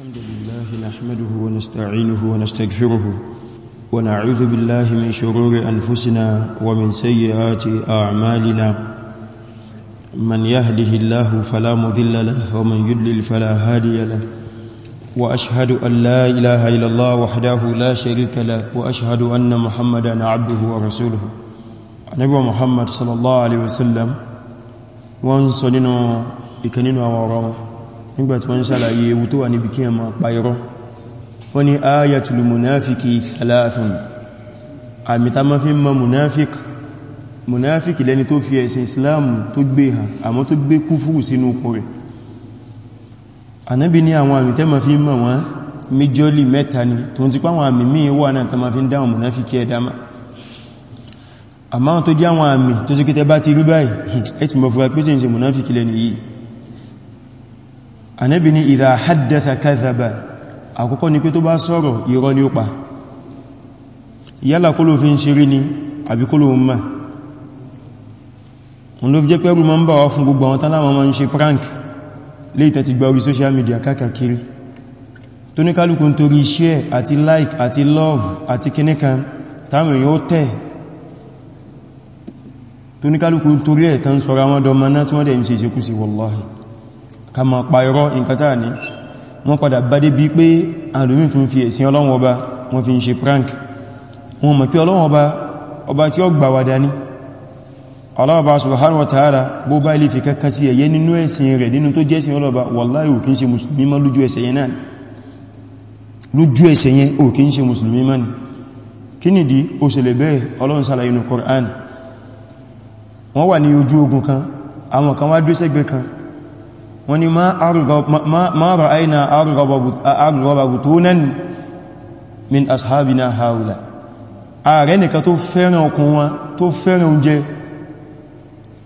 الحمد لله نحمده ونستعينه ونستغفره ونعوذ بالله من شرور أنفسنا ومن سيئات أعمالنا من يهده الله فلا مذل له ومن يدلل فلا هادي له وأشهد أن لا إله إلا الله وحده لا شريك له وأشهد أن محمدا عبده ورسوله نبي محمد صلى الله عليه وسلم وانصننا إكننا وراءه nígbàtí wọ́n ṣàlàyé ewu tó wà níbi kí ẹmà pàírọ́ wọ́n ni ayatul munafiki thalathun àmì ta ma fi ma munafik munafik lẹni tó fi ẹ̀sìn islam tó gbé ha àmọ́ tó gbé kúfúrù sínú okùn rẹ̀ anábi ní àwọn àmì tẹ́ ma fi ma wọ́n méjọ́lì mẹ́ta ni tó ń ti páwọn àmì míì wà náà ta ma Ànábì ní idha haddatha kadhaba àkọ́kọ́ ni pé tó bá sọ̀rọ̀ irọ́ ni ó pa yálà kó ló fi ń ṣeré ni àbí kó ló ń mọ̀ wọn ló fi jẹ́ pẹ́rù ma ń bà wá fún gbogbo àwọn tánàwọn ma ń ṣe prank lè tẹ́ ti gba orí social media kákàkiri tó ní kálùkù torí share àti like àti love àti kìníkan táwọn èèyàn ó tẹ̀ tó ní kálùkù torí ẹ̀ tán sọ́ra wọn dọ́mọ náà tí wọ́n dẹ̀ ń ṣe ìṣekúsí wallahi ká má pa irọ́ nǹkan táà ní wọ́n padà bá dé bí pé àlùmí tún fi ẹ̀sìn ọlọ́run ọba wọ́n fi ń ṣe prank wọ́n mọ̀ pé ọlọ́run ọba ọba tí ó gbà wà dání ọlọ́ọ̀bá subhanahu wa ta'ala bó bá ilé fi kẹ́kẹ́ sí ẹ̀yẹ nínú ẹ̀sìn rẹ̀ nínú tó jẹ́ ẹ̀sìn ọlọ́ọ̀bá ni kí ni dí ó ṣe lè bẹ́ẹ̀ ọlọ́run Qur'an wọ́n wà ní ojú àwọn kan wá dúró kan wọ́n ni ma ra'ayna arghaba butunan min ashabina haula ààrẹ nìkan tó fẹ́ràn ọkùn wọn tó fẹ́ràn oúnjẹ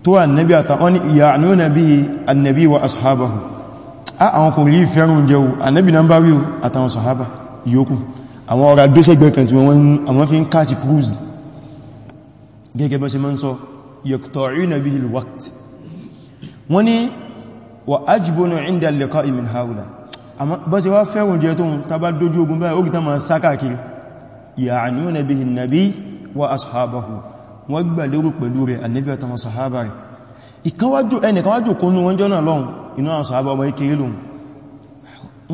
tó annabi àtàwọn ya'nuna bí annabi wa ashabahu a àwọn kò rí fẹ́ràn oúnjẹ o annabi na ń bá rí o àtàwọn sahaba yòókù àwọn ọ̀rọ̀ àdóṣẹ́gbẹ̀ kan tí wọ́n fi ń káàkì cruise gẹ́gẹ́ bọ́ sí mọ́ ń sọ yaqta'una bihi al-waqt wọ́n ni wa ajibonu inda lẹ́kọ́ imin haula amma bá ṣe wá fẹ́ oúnjẹ tó ń tàbá dojú ogun báyìí ogun ta ma sáká kiri ya'nuna bihi nabi wa ashabahu wọ́n gbà lérò pẹ̀lú rẹ̀ annabi àtàwọn sahaba rẹ̀ ẹnìkanwájò kónú wọn jọ́nà lọ́n iná àwọn sahaba ọmọ ikiri lòun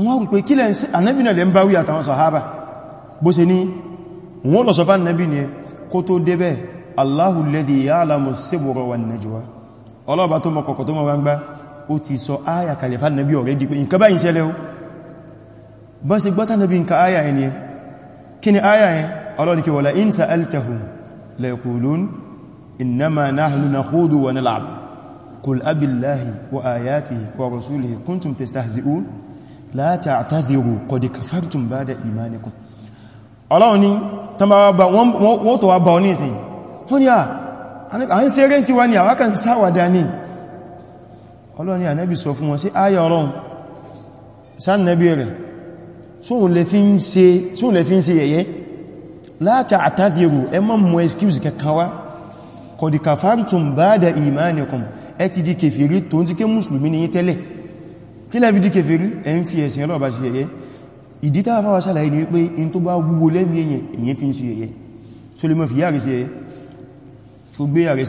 wọ́n rò pé kílẹ̀ annabi náà lè ń bá wí àtàwọn sahaba bó ṣe ní wọ́n lọ sọfá annabi ni kó tó débẹ̀ Allahu alladhi ya'lamu as-sirra wan najwa tó mọ kọ̀kọ̀ tó mọ gbangba ó ti sọ áyà kàlẹ̀fà nàbí ọ̀rẹ́ di pé nǹkan báyìí ṣẹlẹ̀ ó bọ́n sí gbọ́ta nàbí nǹkan áyà ẹni ẹ kí ni áyà ẹ ọlọ́dìkí wala in sa'altahum la yaqulun innama nahnu nakhudu wa nal'ab qul abillahi wa ayatihi wa rasulihi kuntum tastahzi'un la ta'tadhiru qad kafartum ba'da imanikum ọlọ́run ni wọ́n tó wá bá ọ ní ìsìn wọ́n ni à ń ṣeré tí wá ní àwákan sáwàdá ní ọlọ́run ni ànábì sọ fún wọn sí ayà ọlọ́run sánàbí rẹ̀ sóhun lè fi ń ṣe yẹ̀yẹ́ láta àtàzírù ẹ má mú excuse kankan wá kọ̀dì kàfàntùn bá da ìmánikùn ẹ ti di kèfèrí tó ń ti ké mùsùlùmí ní tẹ́lẹ̀ kí lẹ́fi di kèfèrí ẹ ń fi ẹ̀sìn ọlọ́ọ̀bá sí yẹ̀yẹ́ ìdí tá fáwà sálàyé ni wípé in tó bá wúwo lẹ́mí èyàn èyàn fi ń ṣe yẹ̀yẹ́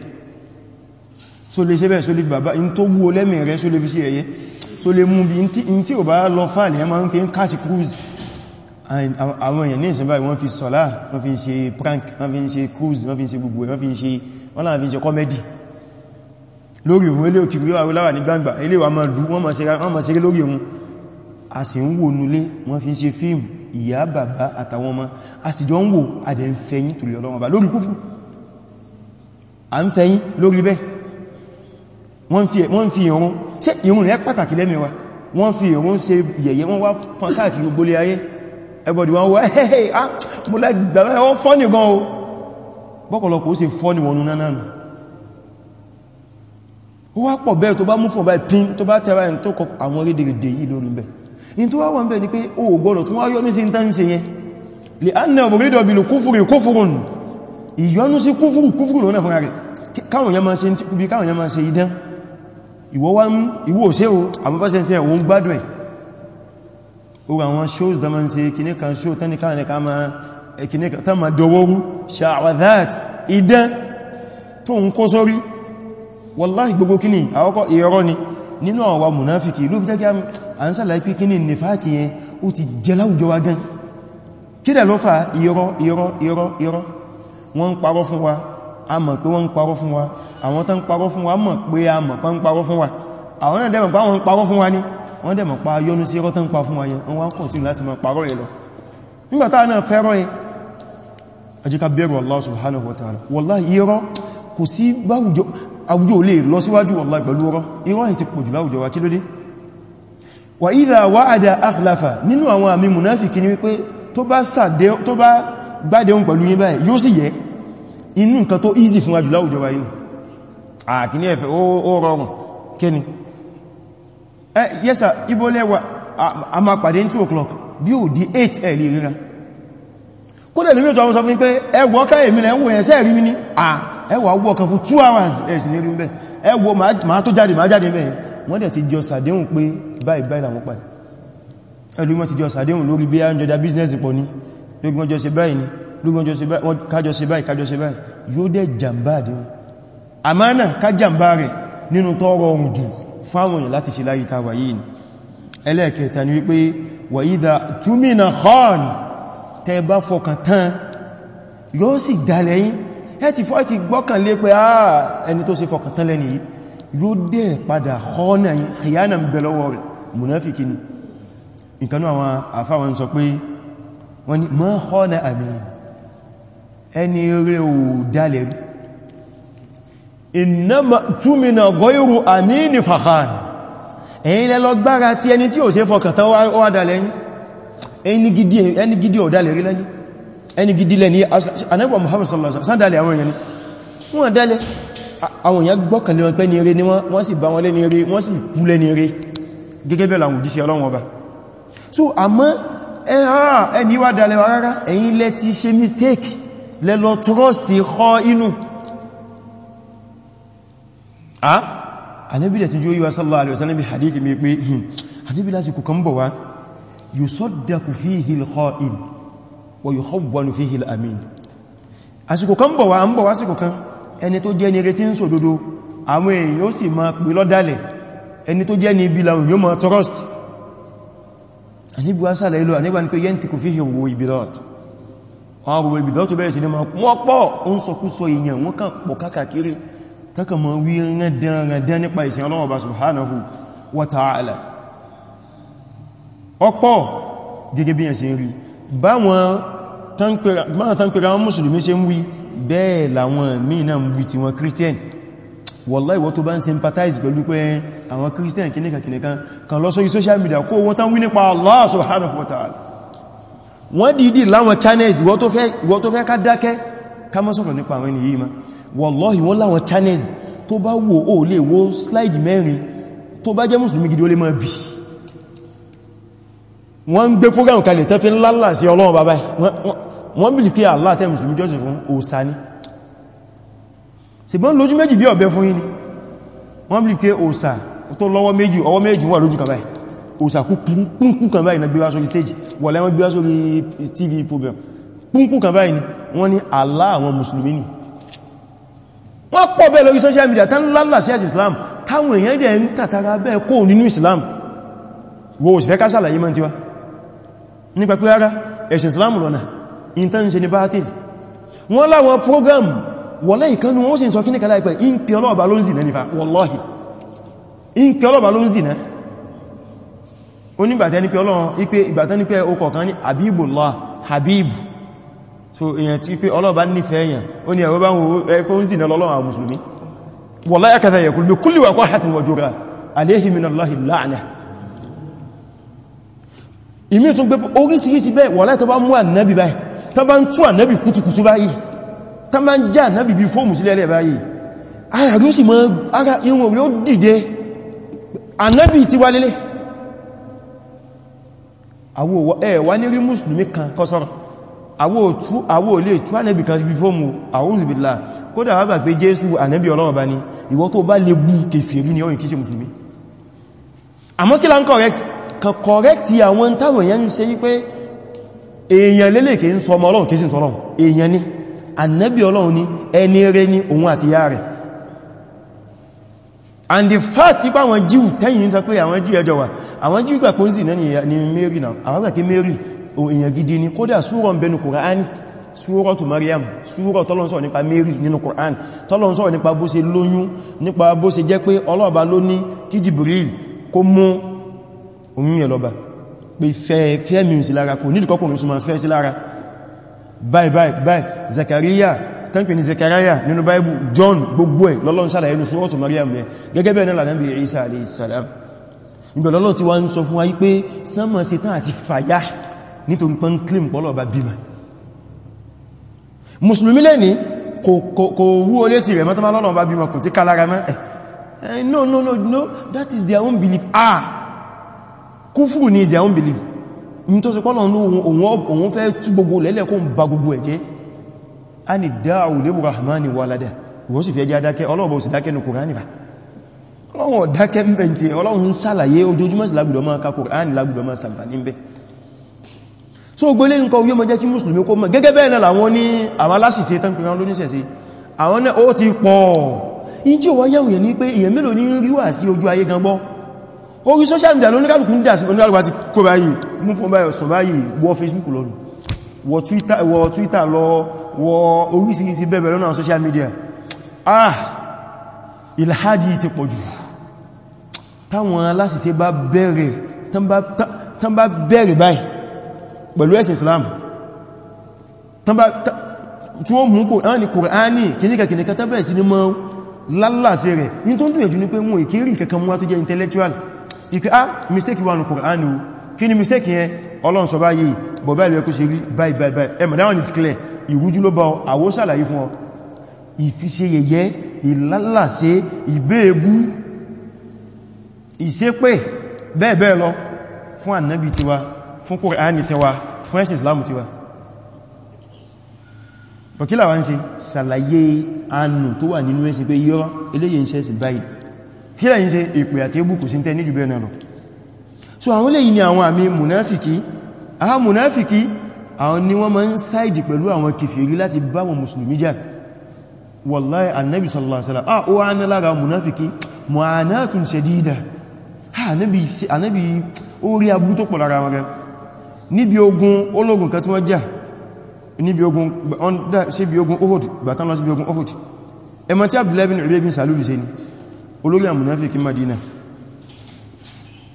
tó so le ṣe bẹ́ẹ̀ so le baba, bàbá in tó wú olẹ́mì rẹ̀ so le fi sí ẹ̀yẹ so le mú bí in tí ò bá lọ fàálì ẹ ma ń fi catch cruise àwọn èèyàn ní ìṣẹ́bá wọ́n fi sọ́lá wọ́n fi ń ṣe prank wọ́n fi ń ṣe cruise wọ́n fi ń ṣe gbogbo wọ́n fi ń ṣe wọ́n láàá fi ń ṣe comedy lórí òun ilé òkìrí àwọláwà ní gbangba ilé wa ma lú wọ́n ma ṣeré lórí òun a sì ń wò nulé wọ́n fi ń ṣe ìyá bàbá àtàwọn ọmọ a sì jọ ń wò àdẹ̀ ń fẹ́yìn tòlẹ̀ ọlọ́wọ́n bá lórí kúfù à ń fẹ́yìn lórí bẹ́ẹ̀ wọ́n fi ìrun ṣe ìrun rẹ̀ pàtàkì lẹ́mìí wa wọ́n fi ìrun ṣe yẹ̀yẹ́ wọ́n wá fán káàkiri gbólé ayé everybody wọ́n wá hey ah mo lágbàmẹ́ wọ́n fọ́nì gan o bọ́kọ̀lọpọ̀ ó ṣe fọ́nì wọnú nánánu ó wá pọ̀ bẹ́ẹ̀ tó bá mú fún ọba ìpín tó bá tẹ́ra ẹni tó kọ àwọn rédèrèdè yìí lórí bẹ̀ in tó wá wọ́n bẹ̀ ni pé o gbọ́dọ̀ tó wá yọ́ ní sí ń tán ṣe yẹn lè á nà ọmọdé ọbìlù kúfùrù kúfùrù ìyọnú sí kúfùrù kúfùrù lọ́nà fún ara rẹ̀ káwọn yẹn máa ṣe idán ìwọ wá ń ìwọ o àmúbáṣẹ́ṣẹ́ òun gbádùn ẹ̀ o àwọn shows da ma ń ṣe kìní kan show tán ní káàrin ká ma kìní tán wallahi gbogbo kìní àwọ́kọ́ ìrọ́ ni nínú àwa munafiki ló fi jẹ́ kí a ń sàlàyé pé kìní nífàákì yẹn ó ti jẹ láwùjọ wa gan kí dẹ̀ ló fa wọ́n ń parọ́ fún wa a mọ̀ pé wọ́n ń parọ́ fún wa àwọn tán parọ́ fún wa mọ̀ pé a mọ̀ pán parọ́ fún wa àwọn náà dẹ̀mọ̀ pa wọn parọ́ fún wa ní wọ́n dẹ̀mọ̀ pa yọnu sí ẹrọ tán pa fún wa yẹn wọ́n wọ́n kọ̀tún láti mọ̀ parọ́ yẹ lọ nígbàtá náà fẹ́rọ yẹn ajíká bẹ̀rù Allah subhanahu wa ta'ala wallahi irọ́ kò sí wa kí ló wa idha wa'ada akhlafa nínú àwọn àmì munafiki ni wípé tó bá sàdé tó bá gbádẹun pẹ̀lú yín báyìí yóò sì yẹ inú wa yìí àkíní ah, ẹ̀fẹ́ ó rọrùn kíni ẹ eh, yẹ́sà ibo lẹ́wà a máa pàdé ní 2 o'clock bí ò di 8 ẹ̀lì ríra kó dẹ̀ lórí ìjọba sọ fún pé ẹwọ́ ká èmi lẹ́ ń wòyẹ̀ sẹ́ rí mi ní à ah, ẹwà wọ́ kan fún 2 hours ẹ̀sì ní rí mbẹ́ ẹwọ́ máa tó jáde máa jáde mbẹ́ wọ́n dẹ̀ ti jọ sàdéhùn pé báyìí báyìí làwọn pàdé ẹlú mọ́ ti jọ sàdéhùn lórí bí i jọdá business pọ̀ ní lórí wọ́n jọ ṣe báyìí ní lórí wọ́n jọ ṣe báyìí kájọ ṣe báyìí kájọ ṣe báyìí àmánà kájàmbá rẹ̀ nínú tọ́rọ ohun jù fáwọn èèyàn láti ṣe láyé tàwà yìí ni ẹlẹ́ẹ̀kẹta ni wípé wà ìdá túnmìnà khan tẹ bá fọkàn tán yóò sì dalẹ̀ yín ẹ ti fọ́ ti gbọ́kàn lé pé àà ẹni tó ṣe fọkàn tán lẹ́ni yìí yóò dẹ̀ padà kọ́nà yìí kìyànà ń ìnáma túnmìnà gọ́ìrù àmìnì fàhánì ẹ̀yìn lẹ́lọ́gbára tí ẹni tí ò ṣe fọkàtà wá dà lẹ́yìn ẹni gidi ọ̀dà lè rí lẹ́yìn ẹni gidi lẹ́ni anẹ́gbà Muhammad sallallahu alaihi wasallam sádàlẹ̀ àwọn èèyàn ni wọ́n dálẹ̀ àwọn èèyàn gbọ́kànlẹ̀ wọn pẹ́ ní eré ni wọ́n sì bá wọn lẹ́ni eré wọ́n sì kú lẹ́ni eré gẹ́gẹ́ bẹ́ẹ̀ làwọn òjíṣẹ́ Ọlọ́run ọba so àmọ́ ẹni wá dálẹ̀ wa rárá ẹ̀yin lẹ́ ti ṣe mistake lẹ́lọ trust kọ́ inú ah Ànábì dẹ̀ ti jó yíwa sallallahu alaihi wasallam hadithi mi pé hìn hmm, Ànábì lásìkò kan bọ̀ wá yusaddaqu fihi al-kha'in wa yukhawwanu fihi al-amin àsìkò kan bọ̀ wá ń bọ̀ wá àsìkò kan ẹni tó jẹ́ ni retí ń sòdodo àwọn o ó sì máa pè lọ́dálẹ̀ ẹni tó jẹ́ ni ibi làwọn o máa trust Ànábì wá sàlẹ̀ ilọ̀ Ànábì wá ní pé yantiqu fihi wo ibirat àwọn gbogbo ibirat tó bẹ̀rẹ̀ sí ni máa pọ́ ń sọkúsọ èèyàn wọ́n kàn pọ̀ kákàkiri taka ma wí rẹ̀dẹ̀rẹ̀dẹ̀ nípa ìsìn ọlọ́wọ́ bá subhanahu wa ta'ala ọ̀pọ̀ gẹ́gẹ́ bí ẹ̀sìn rí báwọn tánkẹ̀rẹ̀ àwọn mùsùlùmí ṣe ń wí bẹ́ẹ̀ làwọn mìíràn ń wí tiwọn christian wallahi ìwọ tó bá ń sympathize pẹ̀lú pé àwọn christian kìnnìkàkìnnìkan kan lọ sórí social media kó wọ́n tán wí nípa Allah subhanahu wa ta'ala wọ́n dìídì láwọn channels ìwọ tó fẹ́ ká dákẹ́ ká má sọ̀rọ̀ nípa àwọn ènìyàn ma wallahi wọ́n láwọn channels tó bá wo ó lè wo slide mẹ́rin tó bá jẹ́ mùsùlùmí gidi ó lè máa bì wọ́n ń gbé program kalẹ̀ tẹ́fí ńlá sí ọlọ́run bàbá wọ́n bìlì kí Allah tẹ́ mùsùlùmí jọ́sẹ̀ fún òsà ní ṣùgbọ́n lójú méjì bí ọ̀bẹ fún yín ni wọ́n bìlì kí òsà tó lọ́wọ́ méjì ọwọ́ méjì wà lójú kan báyìí òsà kú kún kan báyìí na gbé wá sórí stage wà lẹ́wọ́n gbé wá sórí TV program púnkún kan báyìí wọ́n ní Allah àwọn mùsùlùmí ni wọ́n pọ̀ bẹ́ẹ̀ lórí social media tán lálà sí ẹ̀sì Islam táwọn èèyàn dẹ̀ ń tàtàrà bẹ́ẹ̀ kó nínú Islam wo òsìfẹ́ ká sàlàyé mọ́ tí wá nípa pé ara ẹ̀sì Islam lọ́nà intanṣe ní bátil wọ́n láwọn program wọ́lẹ́ ìkanu wọ́n sì sọ kí ní kàlá ìpẹ́ in pẹ ọlọ́ọ̀bá ló ń zì náà wallahi in pẹ ọlọ́ọ̀bá ló ń zì náà onígbàtẹ́ ní pẹ ọlọ́ọ̀ ìpẹ́ ìgbàtẹ́ ní pẹ okọ̀ kan ní Habibullah Habibu so èyàn tí pé ọlọ́ọ̀bá nífẹ̀ẹ́ èyàn ó ní ẹ̀rọ bá ń wo ẹ̀pọ̀ ń sì náà lọ́lọ́wọ́ àwọn musulmi wallahi kadha yaqul bi kulli waqahatin wa jura alayhi min Allahi la'na ìmí tún gbé orísìírísìí bẹ́ẹ̀ wallahi tó bá mú ànábì báyìí tó bá ń tú ànábì kùtùkùtù báyìí tó bá ń já ànábì bí fóòmù sílẹ̀ báyìí ara rí ó sì mọ́ ẹ̀wà ní rí mùsùlùmí kan kọsọ́rọ̀ àwọ́ òtú àwọ́ olè tú ànẹ́bì kan síbí fóòmù àwọ́zùbìlá kódà wà gbà pé jésù ànẹ́bì ọlọ́run bá ní ìwọ tó bá lè bú kèfèrí ní ọ̀yìn kìí ṣe mùsùlùmí àmọ́ kí la ń correct kan correct àwọn táwọn èèyàn ń ṣe wípé èèyàn lélè kìí sọ ọmọ ọlọ́run kìí sì sọ́rọ̀ èèyàn ni ànẹ́bì ọlọ́run ni ẹni rẹ ni òun àti ìyá rẹ̀ and the fact ipa àwọn jíù tẹ́yìn ní sọ pé àwọn jíù ẹjọ wà àwọn jíù gbà pé ó sì náà ni mary náà àwọn gbà kí mary èèyàn gidi ni kódà súrọ̀ ń bẹnu Kùránì súrọ̀ tó Maryam súrọ̀ tọ́lọ́n sọ̀rọ̀ nípa Mary nínú Kùránì tọ́lọ́n sọ̀rọ̀ nípa bó ṣe lóyún nípa bó ṣe jẹ́ pé ọlọ́ọ̀bá ló ní kí Jibril kó mú oyún yẹn lọ́ba pé fẹ́ mi sí lára kò nídìí kọkùnrin sí máa fẹ́ sí lára báyìí báyìí báyìí Zakaria tánpẹ̀ ní John gbogbo ẹ̀ lọ́lọ́n sàlàyé ní súrọ̀ tó Maryam yẹn gẹ́gẹ́ bẹ́ẹ̀ náà lànàbì Isa alayhi salam ìgbẹ̀lọ́lọ́ ti wá ń sọ fún wa pé sánmà ṣetán àti fàyà nítorí pọ́n kílìm pọ́lọ̀ bá bímọ mùsùlùmí lẹ́ni kò wú olé ti rẹ̀ mọ́tọ́mọ́ lọ́nà bá bímọ kò tí kálára mọ́ eh, eh, no no no no that is their own belief ah kúfùrù ni is their own belief ní tó ṣe pọ́lọ̀ òun fẹ́ tú gbogbo lẹ́lẹ́ kó ń ba gbogbo ẹ̀jẹ́ a ni dáàwù lébù rahmani walada wọ́n sì fẹ́ jẹ́ adákẹ́ ọlọ́ọ̀bọ̀ sì dákẹ́ ní kòránì rà ọlọ́wọ̀n dákẹ́ ń bẹ̀ ń tẹ́ ọlọ́run ń sàlàyé ojoojúmọ́ sí lágbìdọ̀ máa sàǹfà ní bẹ́ẹ̀ so gbélé nǹkan yóò mọ́ jẹ́ kí mùsùlùmí na la gẹ́gẹ́ bẹ́ẹ̀ náà làwọn ní àwọn aláṣìṣe tán pẹ̀lú lóníṣẹ̀ṣe àwọn náà ó ti pọ̀ in tí ó wá yẹ̀wò yẹ̀ ní pé èyàn mélòó ní ríwà sí ojú ayé gan gbọ́ orí social media lóníkàlùkù ń dà sí oníkàlùkù ti kó báyìí mú fún báyìí sọ báyìí wọ Facebook lọ́nu wọ Twitter lọ wọ oríṣiríṣi bẹ́ẹ̀ lọ́nà social media ah ilhadi ti pọ̀ jù táwọn bere bá bẹ̀rẹ̀ tán ba. bẹ̀rẹ̀ báyìí pẹ̀lú ẹ̀sìn islam tí wọ́n mú kòránì kòránì kìníkà kìníkà tẹ́bẹ̀ sí ní mọ́ lálàsí rẹ̀ ní tó ń dùn ẹ̀jú ní pé mú ìkírí kankan múwá tó jẹ́ intellectual ìkẹ́ ah mistake wà ní kòránì o kí ni mistake yẹn ọlọ́run sọ báyìí bọ̀bá ìlú ẹkùn ṣe rí báyìí báyìí ẹmọ̀ dáwọn is clear ìrújú ló bá ọ àwọ́ sàlàyé fún ọ ìfiṣe yẹ̀yẹ́ ìlálàsí ìbéèbú ìṣépè bẹ́ẹ̀ bẹ́ẹ̀ lọ fún ànábì tiwa fún Kùránì tiwa fún ẹ̀sìn Islam tiwa bọ̀kílà wá ń ṣe sàlàyé anù tó wà nínú ẹ̀sìn pé yọ́ eléyè ń sẹ́sì báyìí kílà yí ń ìpè àti ebùkù sí tẹ́ níjù bẹ́ẹ̀ náà lọ so àwọn lè yí ni àwọn àmì mùnáfìkì àwọn mùnáfìkì àwọn ni wọ́n ma ń sáìdì pẹ̀lú sallallahu ah o ana lára munafiki mu'anatun shadida ha annabi annabi ó rí abu tó pọ̀ wọn gan níbi ogun ológun kan tí wọ́n jà níbi ogun sí bí ogun Uhud bàtán lọ sí bí ogun Uhud ẹmọ tí Abdullahi bin Ubay bin Salul ṣe ni olórí àmúnáfíkí Madina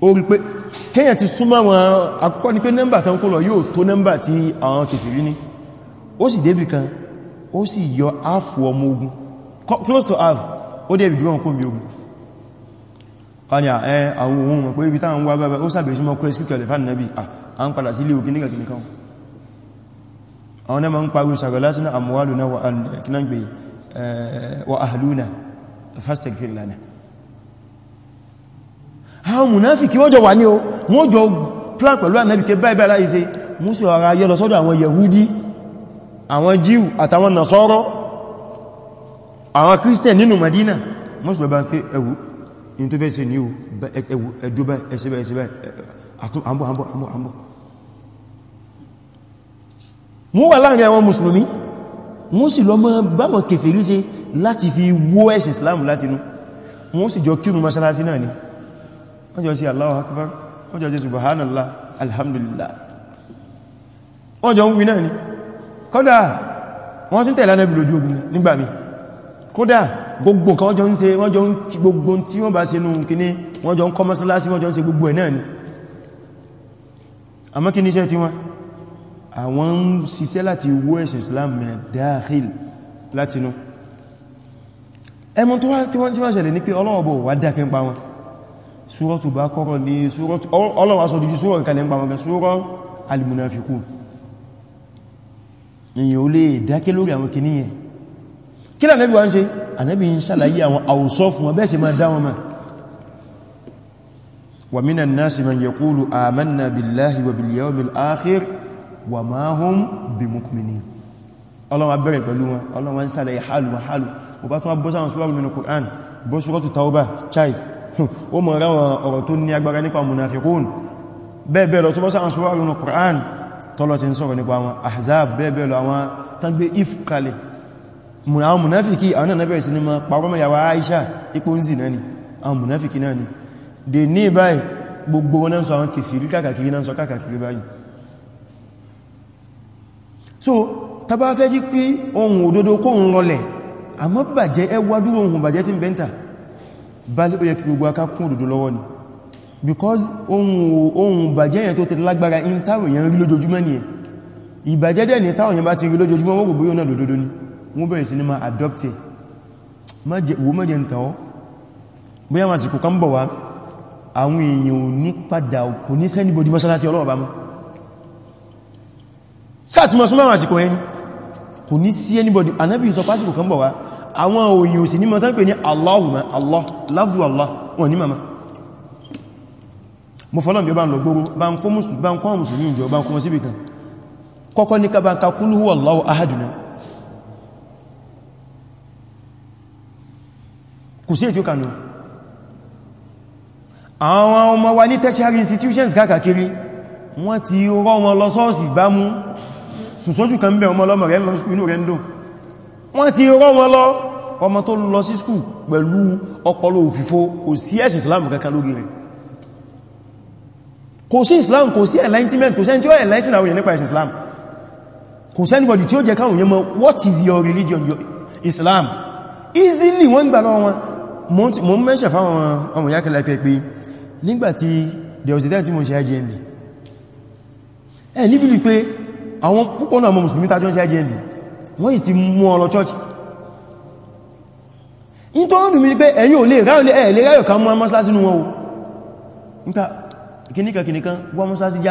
ó rí pé kẹ́yàn ti súnmọ́ àwọn àkọ́kọ́ ní pé nẹ́mbà tán kó lọ yóò tó nẹ́mbà tí àwọn kèfèrí ní ó sì débì kan ó sì yọ half ọmọ ogun close to half ó débì dúró kó mi ogun a ní ah, àwọn ohun mọ̀ pé ibi táwọn wá bábá ó sàbẹ̀rẹ̀ sí mọ́ kúrẹ́sì kẹlẹ̀fà nàbí a ń padà sí ilé òkè nígbà kìnnìkan àwọn náà ma ń parí sàrọ̀lá sínú àmúwàlùna wa ahluna fastagfir lana àwọn munafiki wọ́n jọ wà ní o wọ́n jọ plan pẹ̀lú ànàbìkẹ́ báyìí báyìí láìsẹ́ mú sí ọ̀rọ̀ ayé lọ sọ́dọ̀ àwọn yahudi àwọn jíù àtàwọn nasọ́rọ́ àwọn christian nínú madina mọ́sùlọ́bá pé ẹwù in tó fẹ́ ṣe ní àmbọ̀ àmbọ̀ àmbọ̀ àmbọ̀ wọ́n wà láàrin àwọn mùsùlùmí wọ́n sì lọ mọ́ báwọn kèfèrí ṣe láti fi wó ẹ̀sìn islam láti inú wọ́n sì jọ kírun masalasi náà ni wọ́n jọ sí Allahu akbar wọ́n jọ sí subhanallah alhamdulillah wọ́n jọ ń wí náà ni kódà wọ́n tún tẹ̀lá náà bí lójú ogun nígbà mi kódà gbogbo kan wọ́n jọ ń ṣe gbogbo tí wọ́n bá ṣe nù kíní wọ́n jọ ń kọ́ masalasi wọ́n jọ ń ṣe gbogbo ẹ̀ náà ni àmọ́ kí níṣẹ́ tí wọ́n àwọn ń ṣiṣẹ́ láti wó ẹ̀sìn Islam mẹ́ dáàkìl látinú ẹmọ tó wá tí wọ́n jí máa ṣẹlẹ̀ ní pé ọlọ́ọ̀bọ̀ wà dákẹ́ ń pa wọn súrọ́tù bá kọ́rọ̀ ní súrọ́tù ọlọ́wà sọ dìdí súrọ̀ kalẹ̀ ń pa wọn gan súrọ́ alìmùnafikú èyàn ومن الناس من يقول آمنا بالله وباليوم الآخر وما هم بمؤمنين الله عبر بلوا الله وانسى لا يحال وحال وباتوا بوسان سوره من القران بسوره التوبه شاي وما راوا ọ̀rọ̀ tó ní agbára nípa munafiqun bẹ́ẹ̀ bẹ́ẹ̀ lọ tó bọ́sán sọ́rọ̀ nínú Qur'an tọ́lọ̀ ti ń sọ̀rọ̀ nípa àwọn ahzab bẹ́ẹ̀ bẹ́ẹ̀ lọ àwọn tán gbé if kalẹ̀ àwọn munafiki àwọn náà bẹ̀rẹ̀ sí ní ma pàrọ́mọ̀ yàwó Aisha ipò ń zì náà ni àwọn munafiki náà ni dè ní báyìí gbogbo wọn náà sọ àwọn kèfèrí káàkiri náà sọ káàkiri báyìí so tàbá fẹ́ jí pé ohun òdodo kó ń lọlẹ̀ àmọ́ bàjẹ́ ẹwà dúró ohun bàjẹ́ tí ń bẹ́ntà bá lè gbogbo aká because ohun bàjẹ́ yẹn tó ti lágbára in táwọn èèyàn rí lójoojúmọ́ ni ẹ̀ ìbàjẹ́ dẹ̀ ní táwọn èèyàn bá ti rí wọ́n ma adopt ẹ̀ wọ́n mẹ́jẹ̀ ń tàọ́ bóyá sì kò kán bọ̀ wá àwọn èèyàn ò ní padà kò ní sẹ́ni bodi mọ́sálásí ọlọ́wọ́ bá mọ́ sáàtí mọ́ súnmọ́ àsìkò ẹni kò ní sí ẹni bodi anábì sọ pásìkò kan bọ̀ wá àwọn òyìn ò sì ní mọ́tán pè ní Allahumma Allah lafzu Allah wọn ní mama mo fọ́lọ́m bí ó bá ń lọ gbóró bá ń kọ́ mùsùlùmí ìjọ bá ń kọ́ síbì kan kọ́kọ́ ní kábà ń ka kúlú kò sí ètí ó kànú àwọn ọmọ wa ní tertiary institutions káàkiri wọ́n ti rọ́ wọn lọ sọ́ọ̀sì bá mú sùsọ́jù kan bẹ̀ ọmọ ọlọ́mọ rẹ̀ inú rẹ̀ ń dùn wọ́n ti rọ́ wọn lọ ọmọ tó lọ sí skù pẹ̀lú ọpọlọ òfìfo kò sí ẹ̀sìn Islam kankan lórí rẹ̀ kò sí Islam kò sí enlightenment kò sẹ́ni tí ó enlighten àwọn Islam kò sẹ́ni bọ̀dì tí ó jẹ́ what is your religion Islam easily wọ́n gbà lọ wọn mo ń mẹ́ṣẹ̀ fáwọn ọmọ yákẹ́lẹ́kẹ́ nígbàtí there a tí mo ṣe IJMB ẹ níbi lè pé àwọn púpọ̀ náà mọ̀ mùsùlùmí tàjọ́ ṣe IJMB wọ́n yìí ti mú ọlọ church in tó rùn mi pé ẹ̀yìn ò lè ráyọ̀ kan mú amọ́sílásí wọn o nípa kìníkan kìníkan wọ́n amọ́sílásí ní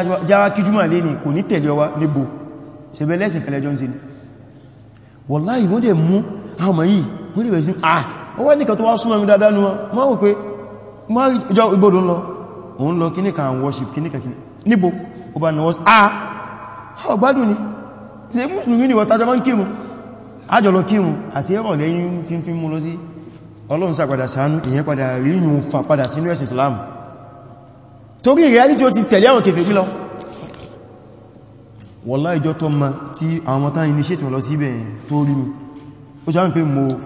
ah, ìjọ ìgbòdó ń lọ òun lọ kíníkà and worship kíníkà kíníkà níbo ó bá náwọ́ ah ọgbádùn ni ṣe mùsùlùmí ni wọ́tajọ́ máa ń kírun àjọ lọ kírun àti ẹ̀rọ lẹ́yìn tí tí mú lọ sí ọlọ́run sàpadà sánú ìyẹn padà ríyùn fà padà sínú ẹ̀sìn Islam torí reality ti tẹ̀lé àwọn kèfèrí lọ wọ́lá ìjọ tó mo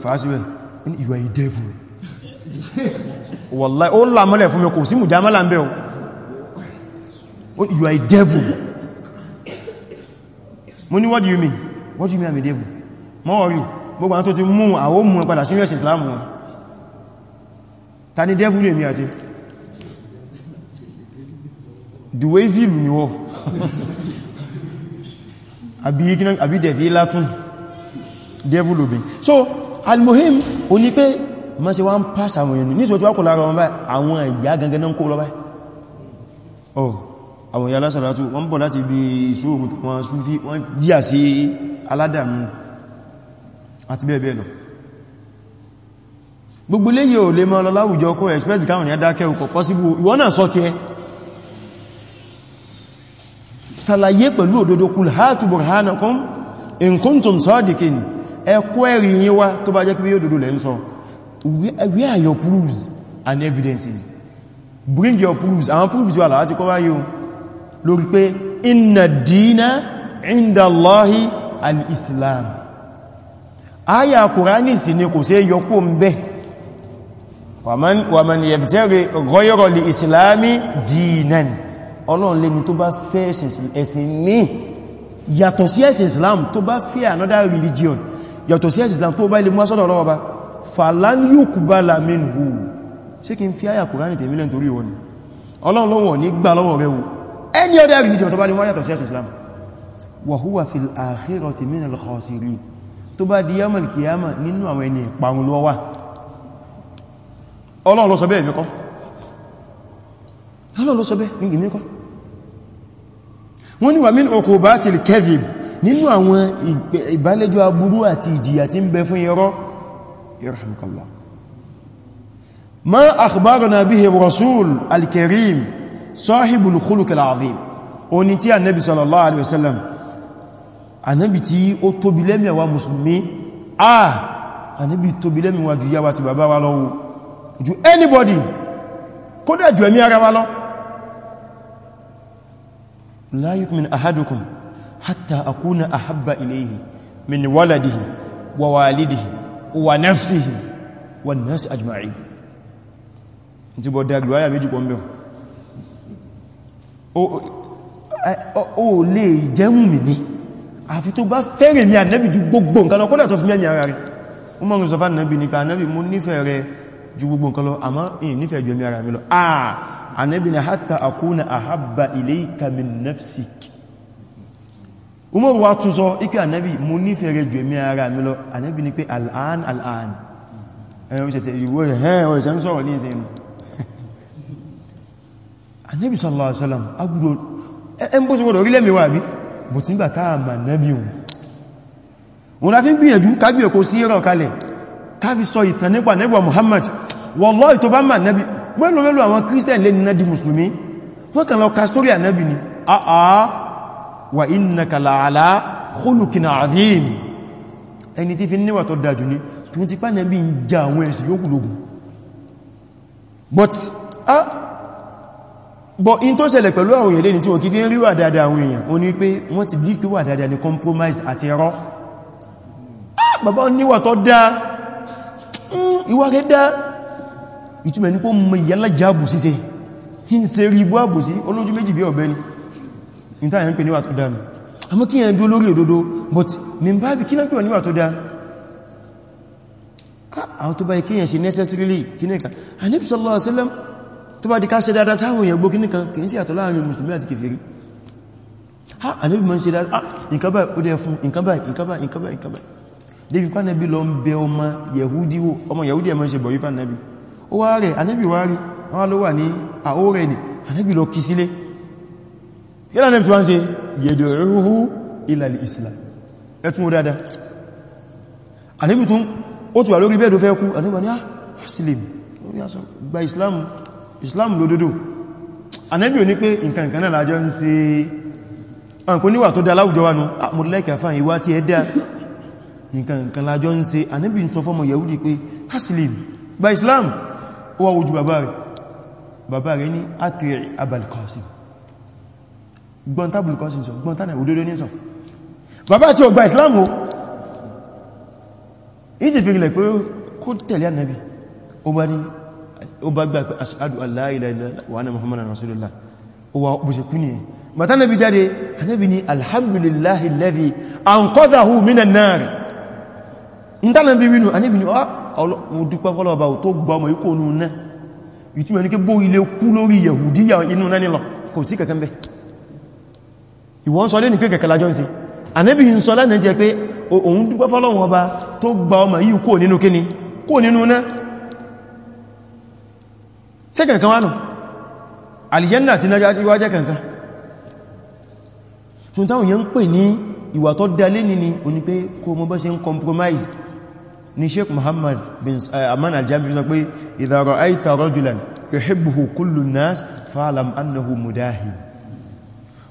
fàá síbẹ̀ you devil wallahi ó làmọ́lẹ̀ fún mi kò sí mùjámọ́lá ń bẹ́ o you are a devil mo ní what do you mean what do you mean I'm a devil mọ́ ọ̀rí gbogbo àwọn tó ti mú àwọn mú padà sí ẹ̀sìn Islam wọn ta ni devil lè mi àti duwe zilu ni wọ́ àbí dẹ̀fí látún devil obin so almohim o ní pé ma ṣe wá ń pass àwọn èèyàn ní ìṣòtí wá kò lára wọn ba àwọn ìyá gangan náà kó lọ báyìí oh àwọn ìyá lásàrátù wọ́n bọ̀ láti ibi ìṣòro wọn súnfí wọ́n díà sí aládàmú àti bẹ́ẹ̀bẹ́ẹ̀ lọ gbogbo léyìí ò lè mọ́ lọ láwùjọ kó expect káwọn ní adákẹ́ òkò possible ìwọ náà sọ ti ẹ ṣàlàyé pẹ̀lú òdodo kul hatu burhanakum in kuntum sadiqin ẹkọ́ ẹ̀rìn yíwá tó bá jẹ́ kí bí yóò dodo lẹ́ ń where are your proofs and evidences bring your proofs àwọn proofs wà láti kọ́ wáyé lórí pé inna dina inda Allahi al-islam aya kùránì sí ni kò sí yọkó ń bẹ́ wàmàn yẹ̀bẹ̀tẹ̀rẹ̀ gọ́yọ̀rọ̀ lè islami dinan ọlọ́run lẹ́ni tó bá fẹ́ ẹ̀sìn ní yàtọ̀ sí ẹ̀sìn islam tó bá fẹ́ another religion Yato sí ẹ̀sìn islam tó bá ilé mú asọ́dọ̀ ọlọ́ọ̀bá falan yuqbala minhu ṣé kí n fi àyà kùránì tèmílẹ̀ torí wọn ọlọ́run lọ́wọ́ ní gbà lọ́wọ́ rẹ̀ o any other religion tó bá ní wọ́n yàtọ̀ sí ẹ̀sìn Islam wa huwa fil akhirati minal nínú àwọn ìbálẹ́jọ́ aburú àti ìjìyà tí ń bẹ fún irọ́ yarhamukallah ma akhbarana bihi rasul al-karim sahibul khuluq al-azim oni tí annabi sallallahu alaihi wasallam annabi tí ó tóbi lẹ́mìí àwa muslimi ah annabi tóbi lẹ́mìí wa jù ya wa ti bàbá wa lọ jù anybody kódà jù ẹ̀mí ara wa lọ la yu'min ahadukum hatta akuna ahabba ilayhi min waladihi wa walidihi wa nafsihi wa nasi ajma'in ti bọ̀ dàgbà ayà méjì pọ̀ mẹ́rin o lè jẹ́ mùmínì àfi tó bá fẹ́rẹ̀ mi ànábì ju gbogbo nǹkan lọ kódà tó fi mẹ́mí ara rẹ̀ o mọ́ rùsọ̀fà ànábì nípa ànábì mo nífẹ̀ẹ́ rẹ̀ ju gbogbo nǹkan lọ àmọ́ èyí nífẹ̀ẹ́ ju umar wa tún sọ ike anabi mo nífẹ̀ẹ́ rẹ̀ jù ẹ̀mí ara mi lọ anabi ni pé al'an al'an ẹ̀yẹn òṣèṣẹ́ ìwò ẹ̀hẹ́n òṣèṣẹ́ ń sọ̀rọ̀ ní ìsẹ́ inú anabi sallallahu alaihi wasallam agbúrò ẹn bó sọ́rọ̀ orílẹ̀ mi wà bí bó ti ń gbà táà mà nábi hùn wọn la fi ń gbìyànjú kábí ẹ̀kọ́ sí ẹ̀rọ wa innaka la'ala khuluqin azim ẹni tí fi níwà tó dájú ní tó ti pàdé bí ń já àwọn ẹ̀sìn yóò kùlógún but ah but in tó ṣẹlẹ̀ pẹ̀lú àwọn èèyàn lẹ́ni tí wọ́n kí fi ń ríwà dáadáa àwọn èèyàn o ní pé wọ́n ti bí fíwà dáadáa ní compromise àti ẹ̀rọ bàbá níwà tó dáa hmm, ìwà rẹ̀ dáa ìtumẹ̀ ní pó mọ̀ ìyálà jáàbù síse ń ṣe rí ibú àbòsí olójú méjì bí ọ̀bẹ́ni ní táyẹ̀ ń pè níwà tó dáa nù kí yẹn dúó lórí òdodo but ní bá bí kí náà pè níwà tó dáa ah, àwọn tó bá yẹ kí yẹn ṣe necessarily kíníkan Ànábì sallallahu alaihi wasallam tó bá di ká ṣe dáadáa sáwọn èèyàn gbó kíníkan kì í ṣe àtọ́ láàrin mùsùlùmí àti kèfèrí ha ah, Ànábì mọ́ ṣe dáadáa ah, nǹkan báyìí ó dẹ́ fún nǹkan báyìí nǹkan báyìí nǹkan báyìí nǹkan báyìí débi pa Ànábì lọ ń bẹ ọmọ yẹ̀húdí kí lánàá fi wá ń ṣe yẹ̀dọ̀rúhú ilàlì islam ẹ̀tún mo dáadáa àníbì tún ó tùwà lórí bẹ́ẹ̀dọ̀ fẹ́ kú àníbà ah, ní àṣìlèm gba islam lódódó àníbì ò ní pé nǹkan náà lájọ́ ń ṣe àǹkó níwà tó dá láwùjọ wa nù àmúlẹ́kà fáà ìwá tí ẹ dá nǹkan lájọ́ ń ṣe àníbì ń sọ fọ́mọ yahudi gbọ́ntá bulukọ́ sí sọ gbọ́ntá náà òdodo ní sọ bàbá àti ọgbà Islam o yìí sì fìrìlẹ̀ pé kó tẹ̀lé ànàbí ó bá gbà pé ashadu alla muhammadan rasulullah ó wà bùsẹ̀ kú ní ẹ̀ bàtà nàbí alhamdulillahi alladhi anqadhahu minan nar ìntànàbí wínú ànàbí ni ó dúpẹ́ fọ́lọ́ọ̀bá tó gbọ́ ọmọ ikú onú náà ìtumẹ̀ ní kí bó ilé yahudi inú náà nílọ kò sí kankan ìwọ́n sọ lé ní pé kẹ̀kẹ́ lájọ́ sí ànẹ́bì ń sọ lánàá jẹ́ pé òun dúpẹ́ fọ́lọ́wọ́n ọba tó gba ọmọ yìí kò nínú kíni kò nínú náà ṣe kankan wánà alìyẹ́nà àti náà jẹ́ kankan tún táwọn yẹn ń pè ní ìwà tó dalé ní ni o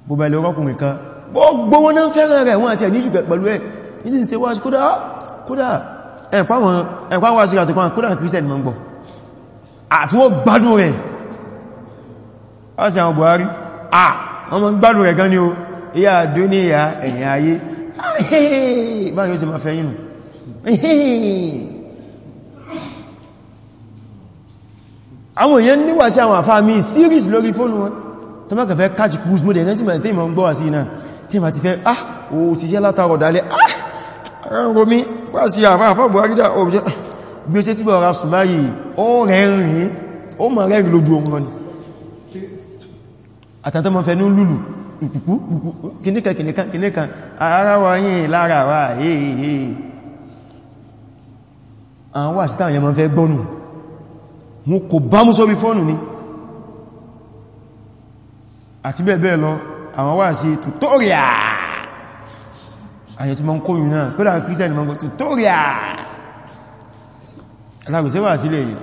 gbogbo ilẹ̀ ọkùnrin kan gbogbo wọn náà fẹ́ràn rẹ̀ wọ́n àti ẹ̀ níṣù pẹ̀lú ẹ̀ ní ṣe wá sí kódà kódà ẹ̀pá wá sí àtọkàn kódà Christian mọ́ gbọ́ àti wọ́n gbádùn rẹ̀ ọ́sẹ̀ àwọn Buhari à wọ́n mọ́ gbádùn rẹ̀ gan ni o ìyá àdúníyà ẹ̀yìn ayé báyìí ó ti máa fẹ́yìn nù àwọn èèyàn níwà sí àwọn àfáà mi series lórí fóònù wọn tó mọ́ kàfẹ́ kájì cruise mode ẹ̀rẹ́ tí ma tí ma ń gbọ́wà sí iná tí ma ti fẹ́ ah o ti jẹ́ látàrọ̀ dalẹ̀ ah ẹ̀rọ romi wá sí àfáàfá buharídà ọ̀bẹ̀jẹ́ bí ó ṣe tí bọ̀ ra sùmáyì ó rẹ̀rìn ó ma rẹ̀rìn lójú ohun lọ ni àtàtà ma fẹ́ ní lùlù kìníkà kìníkà kìníkà ara wa yìí lára kò bá mú sórí fọ́nù ni àti bẹ́ẹ̀bẹ́ẹ̀ lọ àwọn wà sí tutorial àyẹ̀ tí ma ń kóyìn náà kódà kírísítẹ̀nì ma ń kó tutorial alágbèsẹ́ wà sílẹ̀ yìí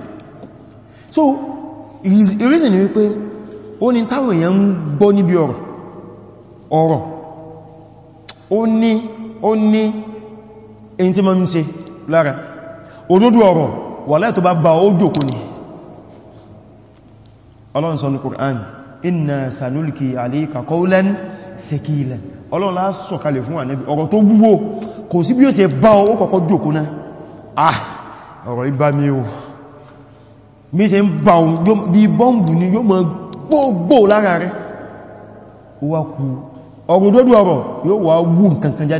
so reason ni wípé ó ní táwọn èèyàn ń gbọ́ níbi ọ̀rọ̀ ọ̀rọ̀ ó ní ó ní èyí tí ma ń ṣe lára òdodo ọ̀rọ̀ wà láì tó bá bá ó jòkó ni ọlọ́run ní inna sanulki alayka qawlan thaqila Ọlọ́run la sọ kalẹ̀ fún Ànábì ọ̀rọ̀ tó wúwo kò sí bí ó ṣe bá o kọ́kọ́ jókòó ah ọ̀rọ̀ iba mi o mi ṣe ń bá o bí bombu ni yó mọ gbogbo lára rẹ̀ ó wá kù ọ̀rọ̀ dodo ọ̀rọ̀ yó wá wú nǹkan kan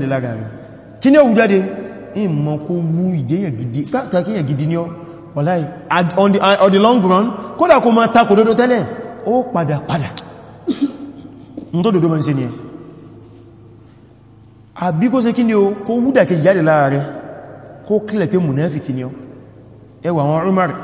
on the on the long run kódà kò má ta kò tẹ́lẹ̀ ó padà padà ní tó dòdó mọ́ sí ni ẹ àbí kó ṣe kí ni o kó wúdà kejì jáde láàárẹ kó kílẹ̀ pé mùnáfìkì ni ọ ẹwà àwọn Umar